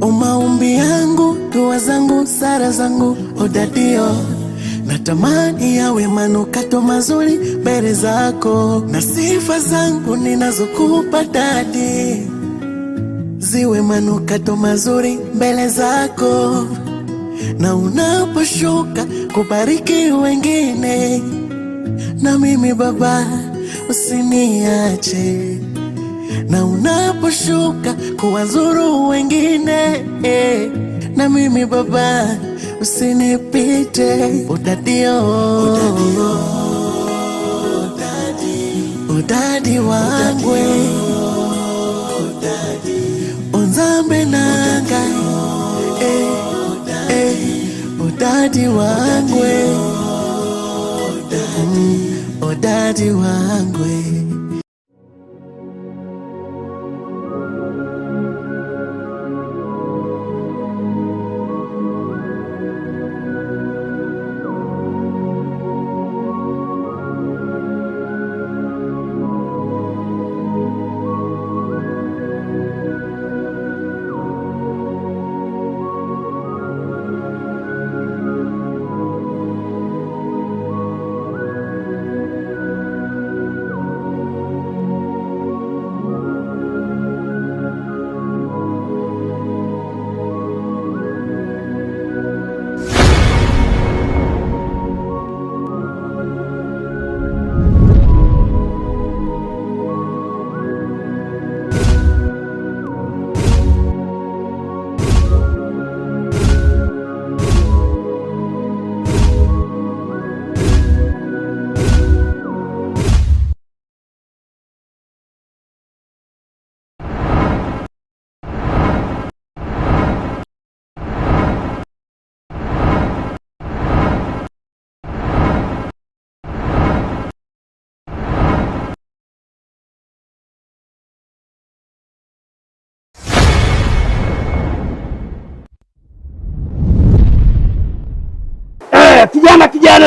O maombi yangu, dua zangu, sara zangu, odadio natamani yawe manukato mazuri mbele zako, na sifa zangu ninazokupa dadi ziwe manukato mazuri mbele zako, na unaposhuka kubariki wengine, na mimi Baba usiniache na unaposhuka kuwazuru wengine eh, na mimi baba usinipite udadio udadi wangwe unzambe nanga eh, eh, udadi wangwe mm, udadi wangwe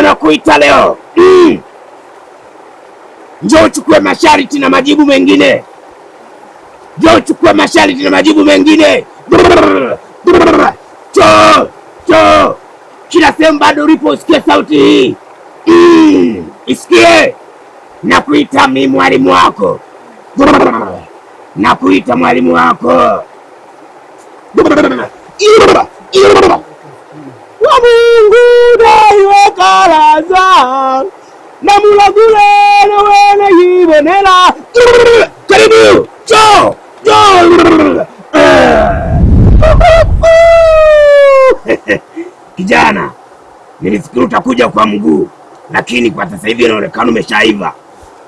anakuita leo mm. Njoo uchukue masharti na majibu mengine, njoo uchukue masharti na majibu mengine. Brrr, brrr, cho, cho. Kila sehemu bado ulipo usikie sauti hii mm. Isikie na kuita mi mwalimu wako nakuita na kuita mwalimu wako wa Mungu ndaiweka ladha na mulaguleno wene yibonela karibu jo jo Kijana, nilifikiri utakuja kwa mguu, lakini kwa sasa hivi inaonekana umeshaiva.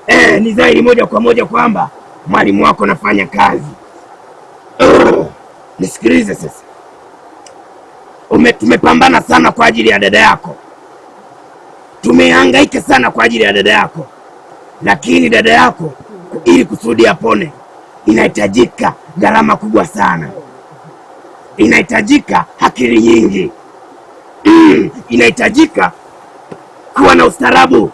Eh, ni dhahiri moja kwa moja kwamba mwalimu wako anafanya kazi. Nisikilize sasa ume, tumepambana sana kwa ajili ya dada yako, tumehangaika sana kwa ajili ya dada yako, lakini dada yako ili kusudi apone inahitajika gharama kubwa sana, inahitajika akili nyingi mm, inahitajika kuwa na ustaarabu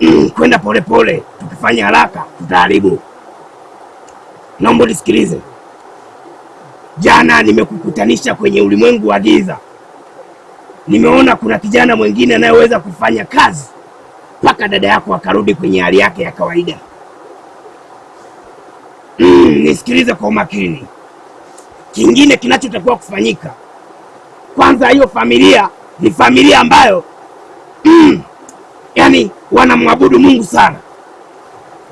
mm, kwenda polepole. Tukifanya haraka tutaharibu. Naomba nisikilize. Jana nimekukutanisha kwenye ulimwengu wa giza, nimeona kuna kijana mwingine anayeweza kufanya kazi mpaka dada yako akarudi kwenye hali yake ya kawaida. Mm, nisikilize kwa umakini. Kingine kinachotakiwa kufanyika kwanza, hiyo familia ni familia ambayo mm, yani wanamwabudu Mungu sana,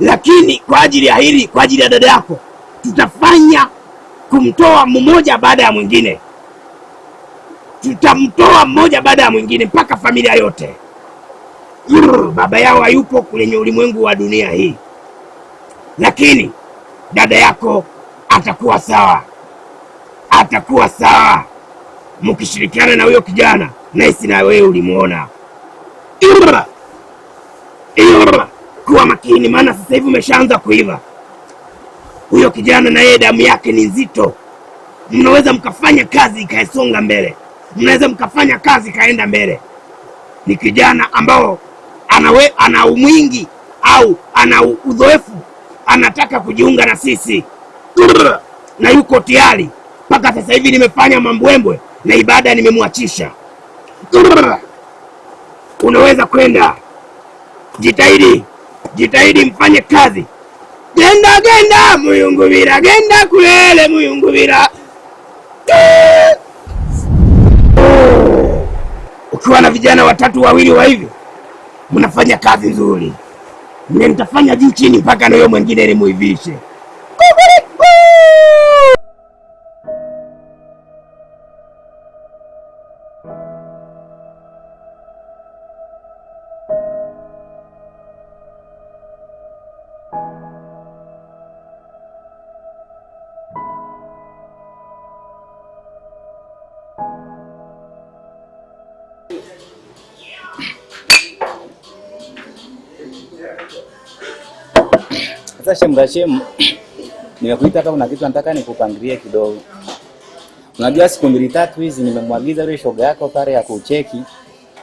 lakini kwa ajili ya hili, kwa ajili ya dada yako tutafanya kumtoa mmoja baada ya mwingine, tutamtoa mmoja baada ya mwingine mpaka familia yote. Urr, baba yao hayupo kwenye ulimwengu wa dunia hii, lakini dada yako atakuwa sawa, atakuwa sawa mkishirikiana na huyo kijana naisi, na wewe ulimwona. Kuwa makini, maana sasa hivi umeshaanza kuiva huyo kijana na yeye damu yake ni nzito. Mnaweza mkafanya kazi ikaesonga mbele, mnaweza mkafanya kazi ikaenda mbele. Ni kijana ambao anawe, ana umwingi au ana udhoefu, anataka kujiunga na sisi na yuko tayari. Mpaka sasa hivi nimefanya mambwembwe na ibada nimemwachisha. Unaweza kwenda, jitahidi, jitahidi mfanye kazi genda genda muyungubira genda kulele muyungubira. Ukiwa na vijana watatu wawili wa hivi mnafanya kazi nzuri, nitafanya juu chini mpaka na huyo mwingine ili muivishe. Mrashem, nimekuita hapa, kuna kitu nataka nikupangilie kidogo. Unajua siku mbili tatu hizi nimemwagiza yule shoga yako pale ya kucheki,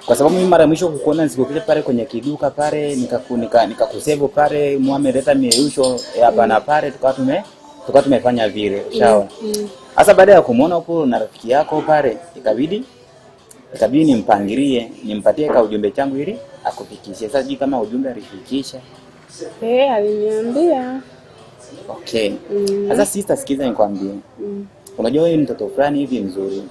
kwa sababu mimi mara mwisho kukuona nisikupita pale kwenye kiduka pale nikakunika nikakusevo pale muame leta mieusho hapa na pale, tukawa tume tukawa tumefanya vile, Sawa. sasa. Mm, mm. Baada ya kumuona huko na rafiki yako pale, ikabidi ikabidi nimpangilie nimpatie ka ujumbe changu ili akufikishie. Sasa sijui kama ujumbe alifikisha Eh, aliniambia. Okay. Mm. Sasa sister, sikiza nikwambie. Mm. Unajua wewe mtoto fulani hivi mzuri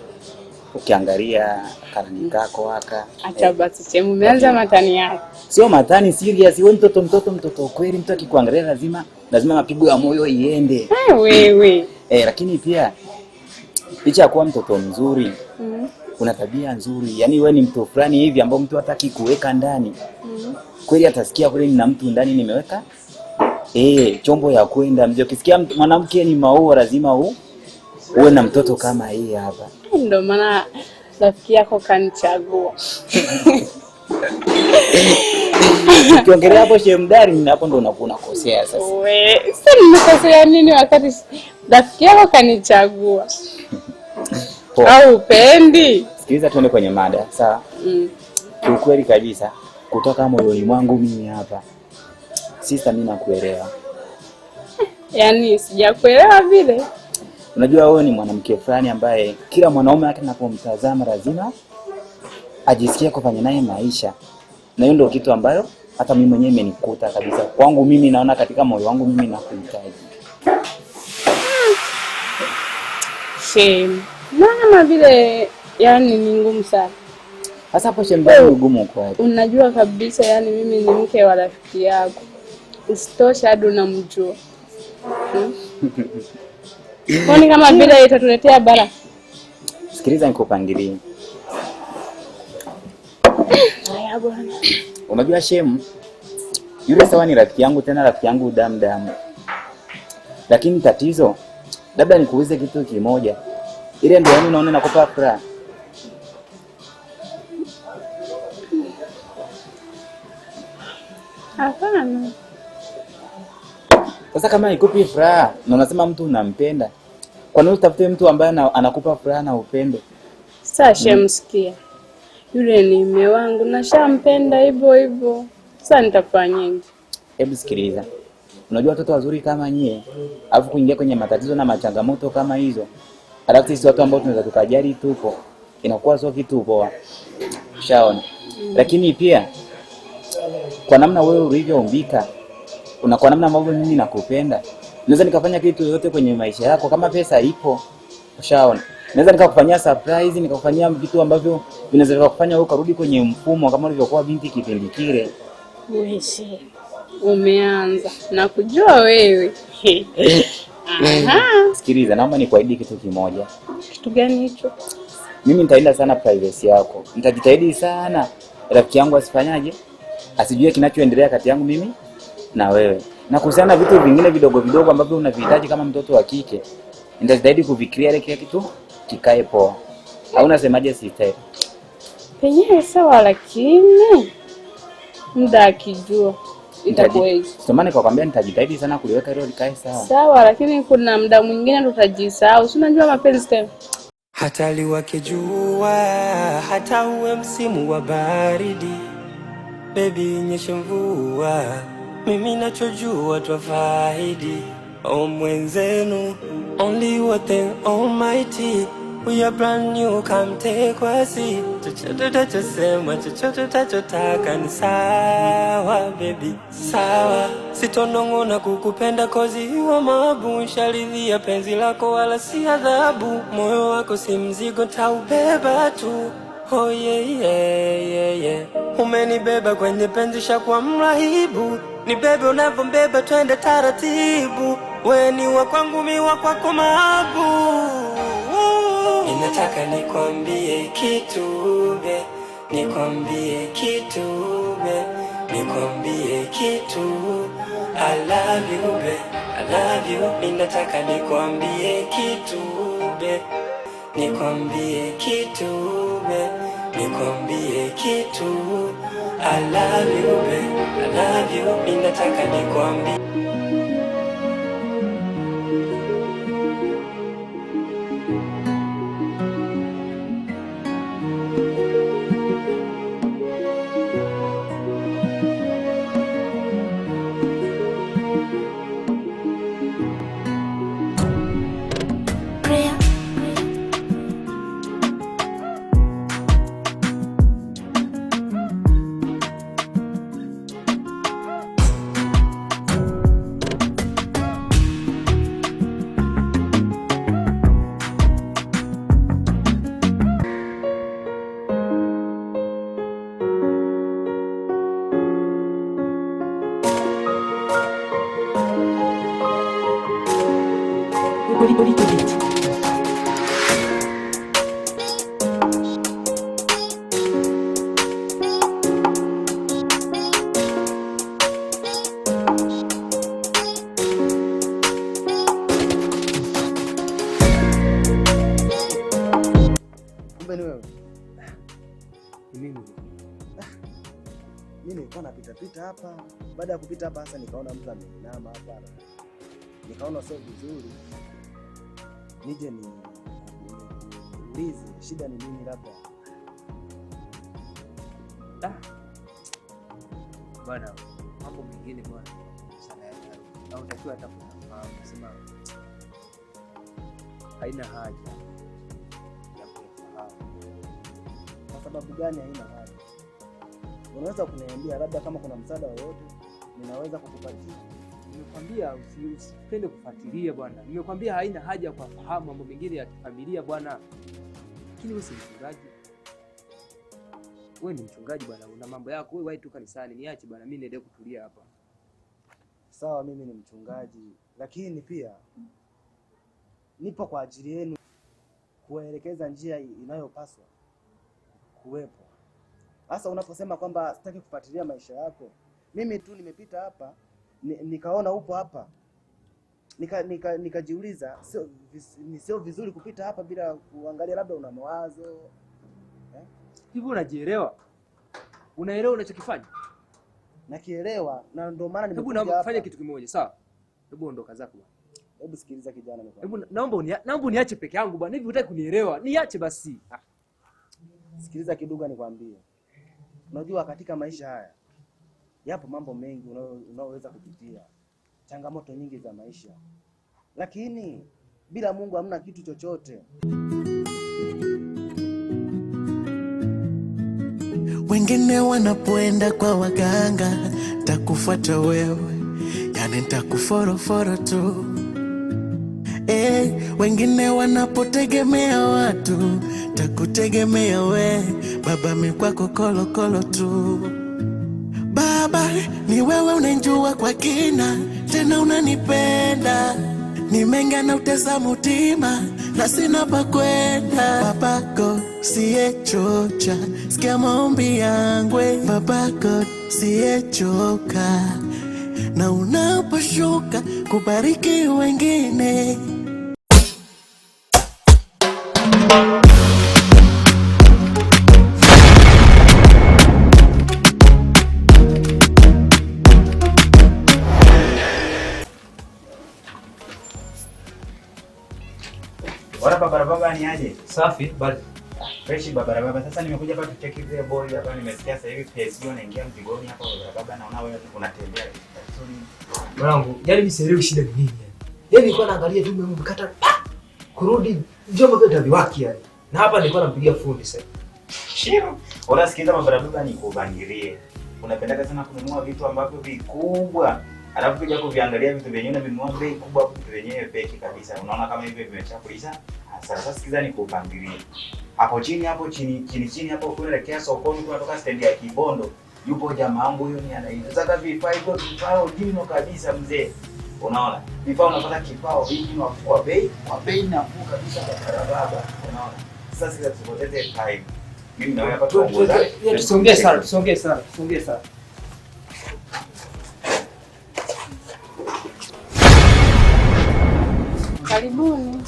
ukiangalia karani kako haka, acha eh. basi chemu umeanza matani yako. Sio matani, serious wewe, mtoto mtoto mtoto kweli. Mtu akikuangalia lazima lazima mapigo ya moyo iende eh, wewe. Eh, lakini pia licha ya kuwa mtoto mzuri mm. una tabia nzuri, yaani wewe ni mtu fulani hivi ambao mtu hataki kuweka ndani mm kweli atasikia kule nina mtu ndani nimeweka e, chombo ya kwenda mje. Ukisikia mwanamke ni maua, lazima u uwe na mtoto kama hii hapa. Ndio maana rafiki yako kanichagua. Ukiongelea hapo shemdari, hapo ndo unakuwa unakosea sasa. Wewe sasa nimekosea nini wakati rafiki yako kanichagua? Au upendi? Sikiliza, tuende kwenye mada sawa. Mm. Kiukweli kabisa kutoka moyoni mwangu mimi hapa. Sista, mimi nakuelewa. Yaani sijakuelewa vile. Unajua wewe ni mwanamke fulani ambaye kila mwanaume wake anapomtazama lazima ajisikie kufanya naye maisha, na hiyo ndio kitu ambayo hata mimi mwenyewe imenikuta kabisa. Kwangu mimi naona katika moyo wangu mimi nakuhitaji. Shame. Maana vile yani ni ngumu sana Hasa hapo shambani ugumu oh. kwa. Unajua kabisa yani mimi ni mke wa rafiki yako. Usitoshe hadi unamjua. Hmm? Kwani kama vile itatuletea bala? Sikiliza nikupangilie. Haya bwana. Unajua shemu? Yule sawa ni rafiki yangu tena rafiki yangu damu damu. Lakini tatizo labda nikuulize kitu kimoja. Ile ndio yani unaona nakupa furaha. Hapana. Sasa kama ikupi furaha na unasema mtu unampenda, kwa nini utafute mtu ambaye anakupa furaha na upendo? Sasa shemsikia yule ni mume wangu na shampenda hivyo hivyo, sasa nitafanyaje? Hebu sikiliza, unajua watoto wazuri kama nyie, alafu kuingia kwenye matatizo na machangamoto kama hizo, alafu sisi watu ambao tunaweza tukajali tupo, inakuwa sio kitu poa, shaona. Mm. Lakini pia kwa namna wewe ulivyoumbika na kwa namna ambavyo mimi nakupenda, naweza nikafanya kitu yote kwenye maisha yako, kama pesa ipo, ushaona, naweza nikakufanyia surprise, nikakufanyia vitu ambavyo vinaweza vikakufanya wewe ukarudi kwenye mfumo kama ulivyokuwa binti kipindi kile. Mwishi umeanza na kujua wewe. Aha, sikiliza, naomba nikuahidi kitu kimoja. Kitu gani hicho? Mimi nitaenda sana privacy yako, nitajitahidi sana rafiki yangu asifanyaje asijue kinachoendelea kati yangu mimi na wewe. Na kuhusiana na vitu vingine vidogo vidogo ambavyo unavihitaji kama mtoto wa kike, nitajitahidi kuvikiria ile kitu kikae poa. Au unasemaje sister? Penyewe sawa, lakini muda akijua Somani kwa kwambia nitajitahidi sana kuliweka hilo likae sawa. Sawa, lakini kuna muda mwingine tutajisahau. Si unajua mapenzi tena. Hata liwake jua hata uwe msimu wa baridi Baby, nyesha mvua, mimi nachojua twafaidi. O mwenzenu, only one thing almighty, we are brand new, come take us. Chochote utachosema, chochote utachotaka ni sawa baby, sawa. Sitonong'ona kukupenda kozi wa maabu, sharidhia penzi lako wala si adhabu. Moyo wako si mzigo, taubeba tu oh yeah, yeah, yeah, yeah. Umenibeba kwenye penzi kwa mrahibu, nibebe unavyombeba, twende taratibu, we ni wa kwangu, mi wa kwako maabu. Ninataka nikwambie kitu be, nikwambie kitu be, nikwambie kitu I love you be, I love you. Ninataka nikwambie kitu be, nikwambie kitu be nikwambie kitu. I love you babe, I love you, inataka nikwambie hapa. Baada ya kupita hapa sasa, nikaona mtu ameinama hapa, nikaona sio vizuri, nije ni ulize shida ni nini, labda ah. bwana, mambo mengine bwana au takiwa hata kufahamu sema haina haja ya kufahamu. Kwa sababu gani haina haja? unaweza kuniambia labda kama kuna msaada wowote ninaweza kukupatia. Nimekwambia usipende kufuatilia bwana, nimekwambia haina haja kwa kufahamu mambo mengine ya kifamilia bwana, lakini wewe si mchungaji, wewe ni mchungaji bwana, una mambo yako wewe, wahi tu kanisani. Niache bwana, mimi niendelee kutulia hapa. Sawa, mimi ni mchungaji, lakini pia nipo kwa ajili yenu kuwaelekeza njia inayopaswa kuwepo sasa unaposema kwamba sitaki kufuatilia maisha yako, mimi tu nimepita hapa nikaona upo hapa nikajiuliza nika, nika sio sio vizuri kupita hapa bila kuangalia labda una mawazo eh? Hivi unajielewa? Unaelewa unachokifanya? Nakielewa na ndio maana nimekuja hapa. Hebu nafanya kitu kimoja, sawa? Hebu ondoka zako bwana. Hebu sikiliza kijana mimi. Hebu naomba unia, naomba uniache peke yangu bwana. Hivi unataka kunielewa? Niache basi. Ah. Sikiliza kidogo nikwambie. Unajua, katika maisha haya yapo mambo mengi unaoweza kupitia, changamoto nyingi za maisha, lakini bila Mungu hamna kitu chochote. Wengine wanapoenda kwa waganga, takufuata wewe, yani takuforoforo tu eh. Wengine wanapotegemea watu, takutegemea wewe Baba mi kwako kolokolo tu. Baba ni wewe unanijua kwa kina, tena unanipenda, menga na utesa mutima na sina pa kwenda. Babako siyechocha sikia maombi yangu. Babako siyechoka na unaposhuka kubariki wengine barabara ni aje? Safi but fresh barabara baba. Sasa nimekuja hapa kucheck ile boy hapa, nimesikia sasa hivi PSG wanaingia mjigoni hapa barabara, baba, naona wewe unatembea. Sorry. Mwanangu, yani msielewi shida ni nini yani. Yeye yaani nilikuwa naangalia tu mimi mkata kurudi kwa vyote wake yani. Na hapa nilikuwa nampigia fundi sasa. Shiro, unasikiza baba ni kubangirie. Unapendaka sana kununua vitu ambavyo vikubwa. Alafu kuja kuviangalia vitu vyenyewe na vinunua bei kubwa, vitu vyenyewe peke kabisa. Unaona kama hivyo vimechafuliza sasa sikiza ni nikupangilie hapo chini, hapo chini chini chini, hapo kuelekea sokoni, kunatoka stendi ya Kibondo, yupo jamaa wangu huyo, ni anaita sasa vifaa hivyo, vifaa vino kabisa mzee. Unaona vifaa unapata kifaa vingi na kwa bei kwa bei nafuu kabisa kwa barabara. Unaona sasa, sikiza tusipoteze time, mimi na wewe hapa tuongoza, tusongee sana, tusongee sana, tusongee sana karibuni.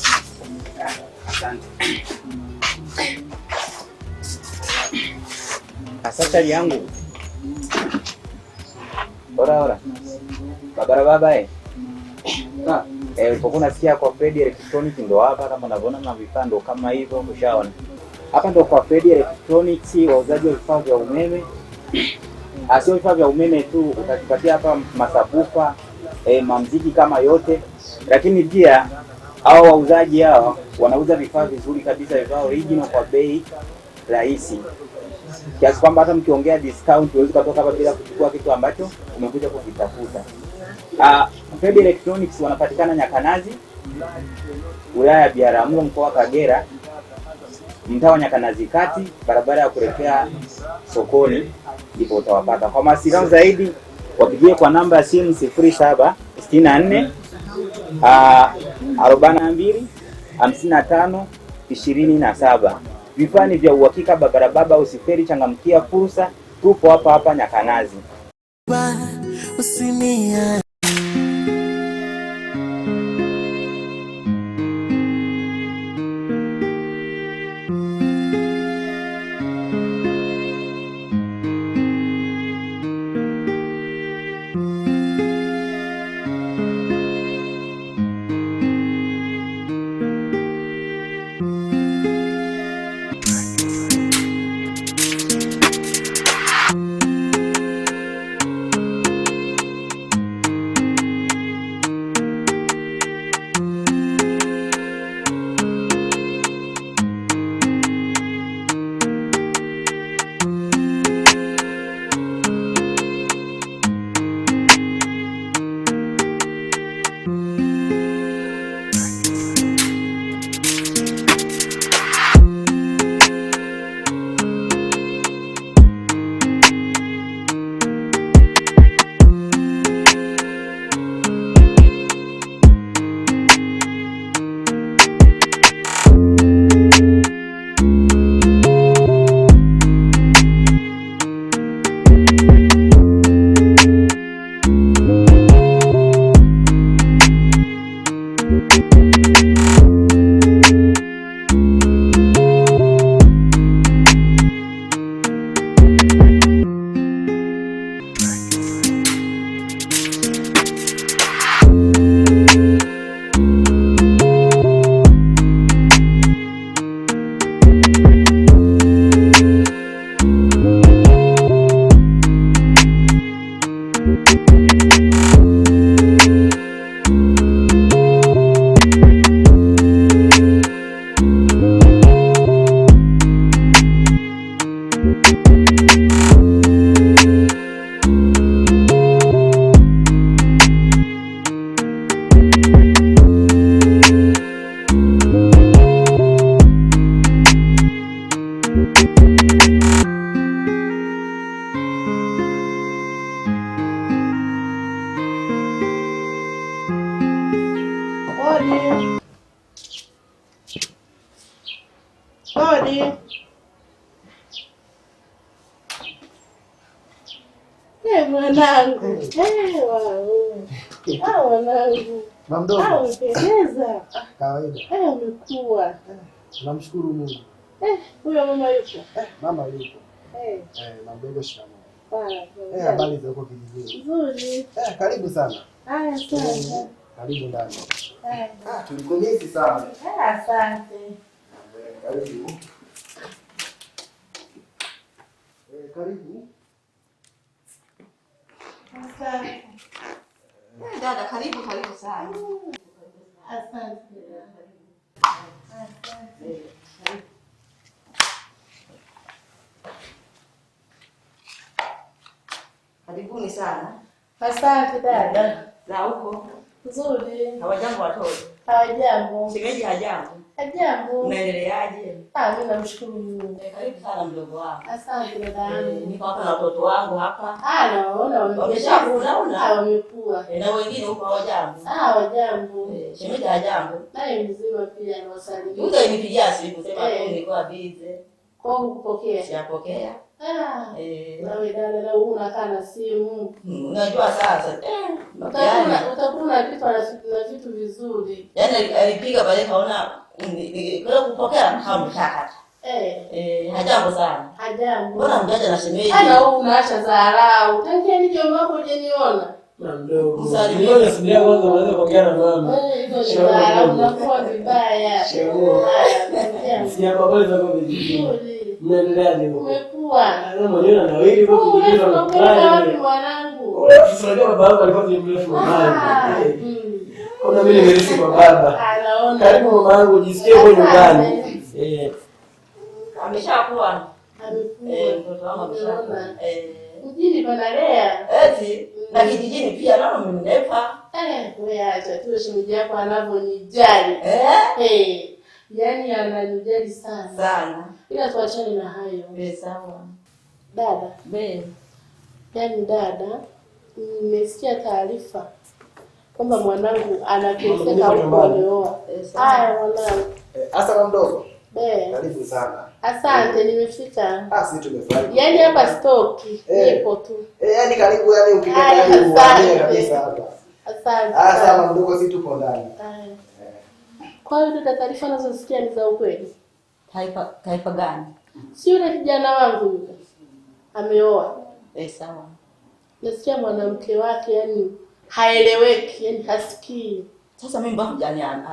Sasa yangu ora ora babara baba ah. eh, ulipokuwa unasikia kwa Fred Electronics ndo hapa, kama unavyoona na vifaa ndo kama hivyo, ushaona hapa ndo kwa Fred Electronics, wauzaji wa vifaa vya umeme, asio ah, vifaa vya umeme tu, utakipatia hapa masabufa eh, mamziki kama yote, lakini pia hawa wauzaji hawa wanauza vifaa vizuri kabisa, vifaa original kwa bei rahisi, kiasi kwamba hata mkiongea discount huwezi kutoka hapa bila kuchukua kitu ambacho umekuja kukitafuta. Uh, ah, Feb Electronics wanapatikana Nyakanazi, wilaya ya Biharamulo, mkoa wa Kagera, mtaa wa Nyakanazi kati, barabara ya kuelekea sokoni, ndipo utawapata. Kwa mawasiliano zaidi wapigie kwa namba ya simu sifuri saba sitini na nne ah, arobaini na mbili hamsini na tano ishirini na saba. Vifaa ni vya uhakika, babarababa, usiferi, changamkia fursa. Tupo hapa hapa Nyakanazi. Angalie mwanangu, umekuwa. Namshukuru Mungu. Huyo mama yupo? Eh, mama yupo. Eh, eh, habari za huko kijijini? Nzuri. Karibu sana. Haya, Karibu ndani. Ah, sana. Asante. Karibu. Karibu dada, karibu karibu sana. Karibuni sana. Asante dada. Za huko? Nzuri. Hawajambo watoto? Hawajambo. Shemeji hajambo? Hajambo. Unaendeleaje? Ah, mimi namshukuru Mungu. Eh, karibu sana mdogo wangu. Asante dada yangu. Eh, niko hapa na watoto wangu hapa. Ah, naona wameshakula Ah, wamekua. Eh, na wengine huko hawajambo. Ah, hawajambo. Shemeji hajambo. Naye mzima pia anawasalimia. Yule nipigia simu kusema tu nilikuwa busy. Kwa kupokea. Sijapokea. Ah, eh. na wewe unakaa na simu. Hmm, unajua sasa. Eh. Yaani. Utakuwa utakuwa na vitu vizuri. Yaani alipiga pale kaona kwa kupokea mhamu shakata eh eh, hajambo sana. Hajambo, mbona mjaja na shemeji? Ana huko unaacha dharau tangia nije mambo hujaniona na mdogo msalimione, sidia kwanza unaweza kuongea na mama eh, hizo dharau vibaya shemeji. Sijapo pale zako vijiji kwa mwanangu kuna mimi nimerisi kwa baba. Anaona. Karibu mama yangu jisikie kwa nyumbani. Eh. Ameshakuwa. Eh, mtoto wangu ameshakuwa. Eh. Mjini panalea. Eti na mm. kijijini pia leo mmenipa. Eh, wewe acha tu shemeji yako anavyonijali. Eh. Eh. Yaani ananijali sana. Sana. Ila tuachane na hayo. Eh, sawa. Dada. Be. Yaani dada, nimesikia taarifa kwamba mwanangu anateseka huko alioa. Haya mwanangu. Eh, hasa na mdogo. Eh. Karibu sana. Asante eh. nimefika. Ah, si tumefurahi. Yaani hapa stoki eh. nipo tu. Eh, yaani karibu yaani ukipenda karibu uende kabisa hapa. Asante. Asante ah, sana mdogo sisi tuko ndani. Kwa hiyo ndio taarifa nazosikia ni za ukweli. Taifa taifa gani? Si yule kijana wangu Ameoa. Eh, sawa. Nasikia mwanamke wake yani haeleweki, yani hasikii. Sasa mimi mbona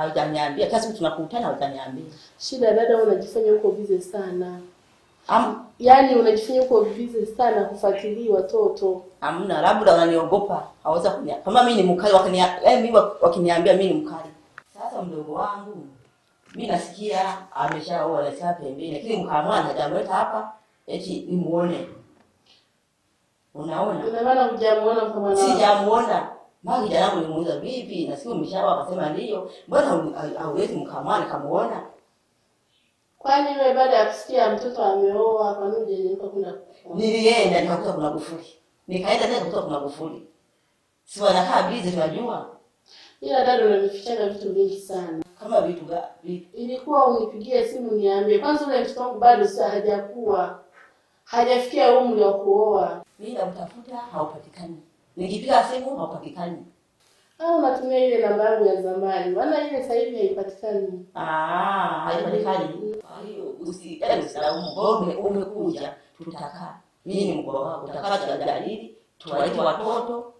hujaniambia? Kila siku tunakutana hujaniambia. Shida dada, unajifanya uko busy sana. Am, yani unajifanya uko busy sana kufuatilia watoto. Hamna, labda unaniogopa. Hawaza kunia. Kama mimi ni mkali wakania, eh, mimi wakiniambia mimi ni mkali. Sasa mdogo wangu mimi nasikia ameshaoa na sasa pembeni, lakini mkamwana hajamleta hapa eti nimuone. Unaona? Unaona hujamuona mkamwana? Sijamuona. Mara kijana yangu nimuuliza vipi, na siku mshawa akasema ndio. Mbona hauwezi mkamwani kamuona? Kwani wewe baada ya kusikia mtoto ameoa kwa nini nilikuwa kuna nilienda nikakuta kuna kufuli. Nikaenda tena kutoka kuna kufuli. Si wanakaa bizi tunajua. Ila dada unanifichaga vitu vingi sana. Kama vitu gani? Ilikuwa unipigie simu niambie. Kwanza ule mtoto wangu bado sasa hajakuwa. Hajafikia umri wa kuoa. Mimi namtafuta haupatikani. Nikipiga simu haupatikani. Ah, unatumia ile namba yangu ya zamani. Maana ile sasa hivi haipatikani. Ah, haipatikani. Kwa hiyo usi eh, usilaumu bonge umekuja tutakaa. Mimi ni mkubwa wako. Tutakaa tujadili, tuwaite watoto,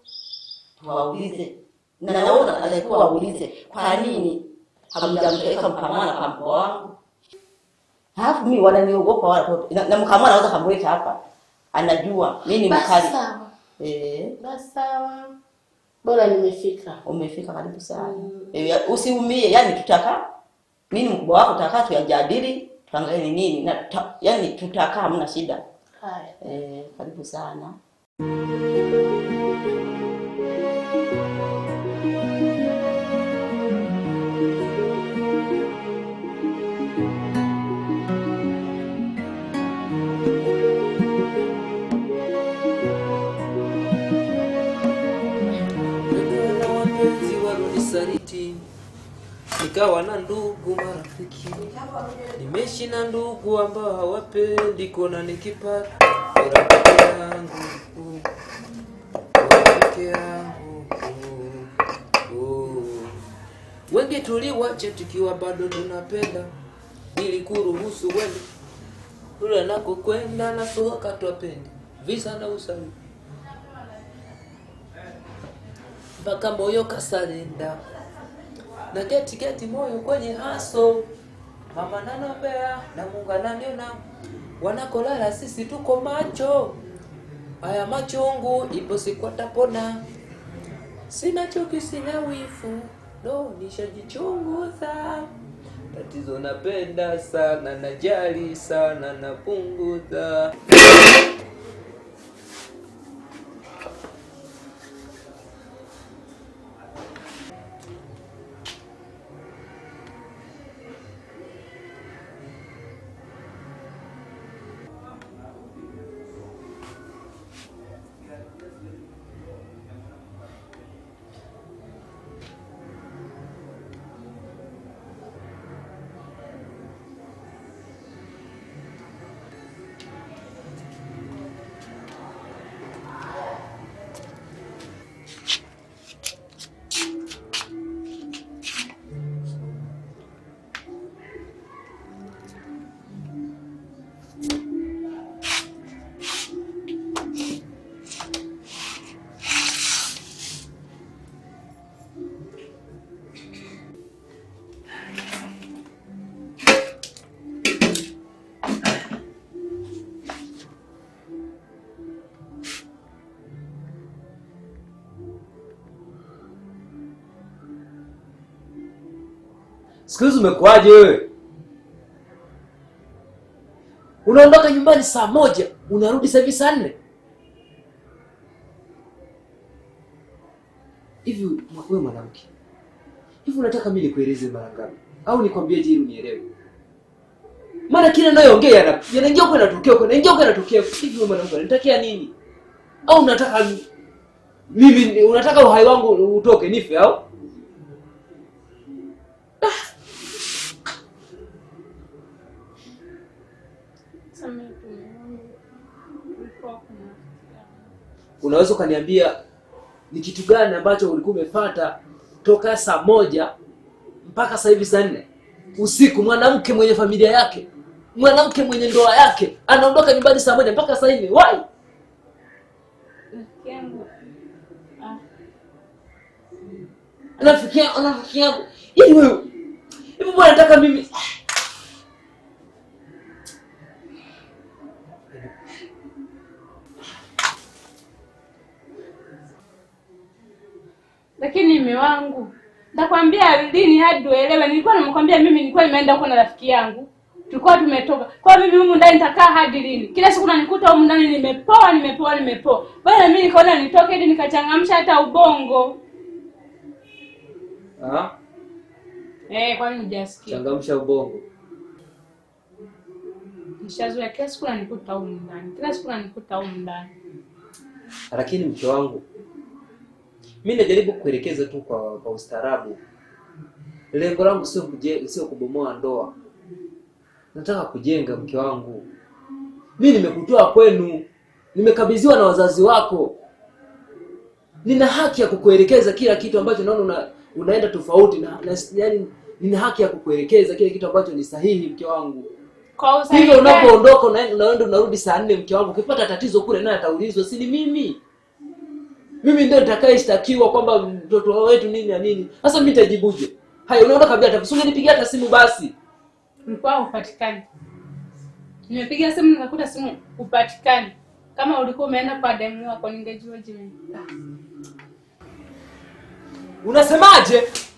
tuwaulize. Na naona alikuwa waulize kwa nini hamjamteka mpamana kwa mkoa wangu. Halafu mimi wananiogopa watoto. Na, na mkamwana anaweza kamweka hapa. Anajua mimi ni mkali. Sawa eh, sawa, bora nimefika. Umefika, karibu sana mm. Eh, usiumie, yani tutaka mimi mkubwa wako tutakaa tuyajadili, tuangalie ni nini na ta, yani tutakaa, hamna shida. Haya eh, karibu sana nikawa na ndugu marafiki, nimeishi na ndugu ambao hawapendi kuona nikipata urafiki yangu urafiki yangu wengi tuliwache tukiwa bado tunapenda, ili kuruhusu wende ule nako kwenda na soka twapende visa na usawi mpaka moyo kasarenda na keti keti moyo kwenye haso mama nana mbea na muungana niona wanakolala sisi tuko macho haya machungu ipo siku atapona sina chuki sina wifu no nishajichunguza tatizo napenda sana najali sana napunguza Siku hizi umekuwaje wewe? Unaondoka nyumbani saa moja, unarudi saa hivi saa nne hivi. Wewe mwanamke, hivi unataka mimi nikueleze mara ngapi au nikwambie je ili unielewe? Maana kila nayoongea yanaingia huko yanatokea huko, yanaingia huko yanatokea Hivi wewe mwanamke, unanitakia nini? Au unataka mimi, unataka uhai wangu utoke nife au unaweza ukaniambia ni kitu gani ambacho ulikuwa umepata toka saa moja mpaka saa hivi saa nne usiku? Mwanamke mwenye familia yake, mwanamke mwenye ndoa yake anaondoka nyumbani saa moja mpaka saa hivi wai Nafikia, nafikia. hivi wewe hivi bwana, nataka mimi ah. Lakini mume wangu, nitakwambia lini hadi uelewe. Nilikuwa namkwambia mimi nilikuwa nimeenda huko na rafiki yangu. Tulikuwa tumetoka. Kwa mimi huko ndani nitakaa hadi lini? Kila siku nanikuta huko ndani nimepoa, nimepoa, nimepoa. Bwana mimi nikaona nitoke ili nikachangamsha hata ubongo. Ah? Eh, kwani hujasikia? Changamsha ubongo. Nishazoea kila siku nanikuta huko ndani. Kila siku nanikuta huko ndani. Lakini mke wangu mimi najaribu kuelekeza tu kwa, kwa ustaarabu. Lengo langu sio kuje, sio kubomoa ndoa. Nataka kujenga mke wangu. Mimi nimekutoa kwenu, nimekabidhiwa na wazazi wako. Nina haki ya kukuelekeza kila kitu ambacho naona una, unaenda tofauti na, na yaani nina haki ya kukuelekeza kila kitu ambacho ni sahihi mke wangu. Kwa Hivyo unapoondoka unaenda unarudi saa nne mke wangu, ukipata tatizo kule naye ataulizwa, si ni mimi? mimi ndio nitakayeshtakiwa kwamba mtoto wetu nini na nini. Sasa mimi nitajibuje? Haya, unaona kabla atakusunga nipigia hata simu basi. Mkwao upatikani. Nimepiga simu nikakuta simu upatikani. Kama ulikuwa umeenda kwa demu wako ningejua jina. Unasemaje?